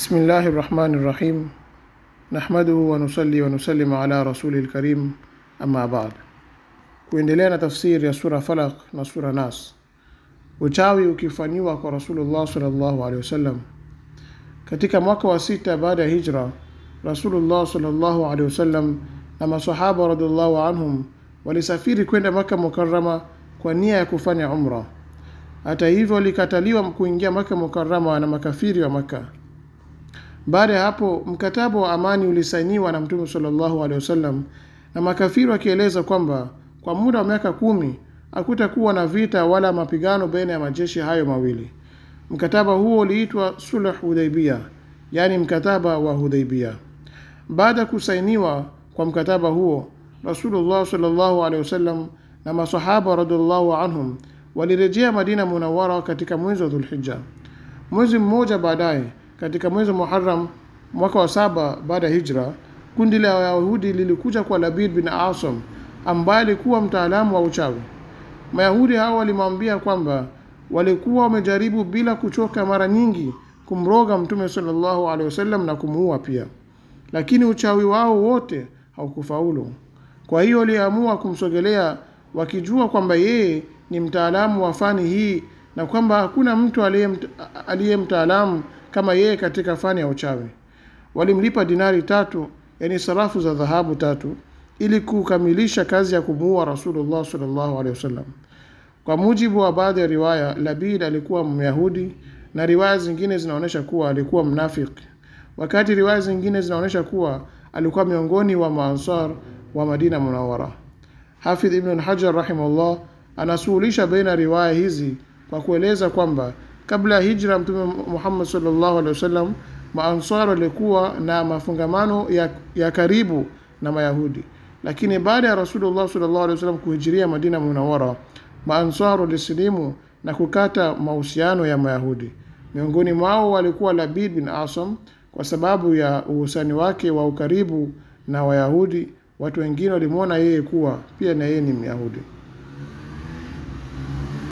Bismillahi rahmani rahim nahmaduhu wanusali wanusalim ala rasuli lkarim amma baad. Kuendelea na tafsiri ya sura Falaq na sura Nas. Uchawi ukifanyiwa kwa Rasulullah sallallahu alaihi wasallam. Katika mwaka wa sita baada ya hijra, Rasulullah sallallahu alaihi wasallam na masahaba radhiallahu anhum walisafiri kwenda Maka Mukarama kwa nia ya kufanya umra. Hata hivyo, walikataliwa kuingia Maka Mukarama na makafiri wa Maka. Baada ya hapo mkataba wa amani ulisainiwa na Mtume sallallahu alaihi wasallam, na makafiri wakieleza kwamba kwa muda wa miaka kumi hakutakuwa na vita wala mapigano baina ya majeshi hayo mawili. Mkataba huo uliitwa Sulh Hudaibia, yaani mkataba wa Hudaibia. Baada ya kusainiwa kwa mkataba huo, Rasulullah sallallahu alaihi wasallam na masahaba radhiallahu anhum walirejea Madina Munawara katika mwezi wa Dhulhijja. Mwezi mmoja baadaye katika mwezi Muharram mwaka wa saba baada ya hijra, kundi la Wayahudi lilikuja kwa Labid bin Asom ambaye alikuwa mtaalamu wa uchawi. Mayahudi hao walimwambia kwamba walikuwa wamejaribu bila kuchoka mara nyingi kumroga Mtume sallallahu alaihi wasallam na kumuua pia, lakini uchawi wao wote haukufaulu. Kwa hiyo waliamua kumsogelea wakijua kwamba yeye ni mtaalamu wa fani hii na kwamba hakuna mtu aliye mtaalamu kama yeye katika fani ya uchawi. Walimlipa dinari tatu, yani sarafu za dhahabu tatu, ili kukamilisha kazi ya kumuua Rasulullah sallallahu alaihi wasallam. Kwa mujibu wa baadhi ya riwaya, Labid alikuwa Myahudi na riwaya zingine zinaonyesha kuwa alikuwa mnafiki, wakati riwaya zingine zinaonyesha kuwa alikuwa miongoni wa Maansar wa Madina Munawara. Hafidh Ibn Hajar rahimahullah anasuhulisha baina ya riwaya hizi kwa kueleza kwamba Kabla ya hijra Mtume Muhammad sallallahu alaihi wasallam, maansar walikuwa na mafungamano ya, ya karibu na Mayahudi, lakini baada ya Rasulullah sallallahu alaihi wasallam kuhijiria Madina Munawara, maansar walisilimu na kukata mahusiano ya Mayahudi. Miongoni mwao walikuwa Labid bin Asam kwa sababu ya uhusiano wake wa ukaribu na Wayahudi. Watu wengine walimwona yeye kuwa pia na yeye ni Myahudi.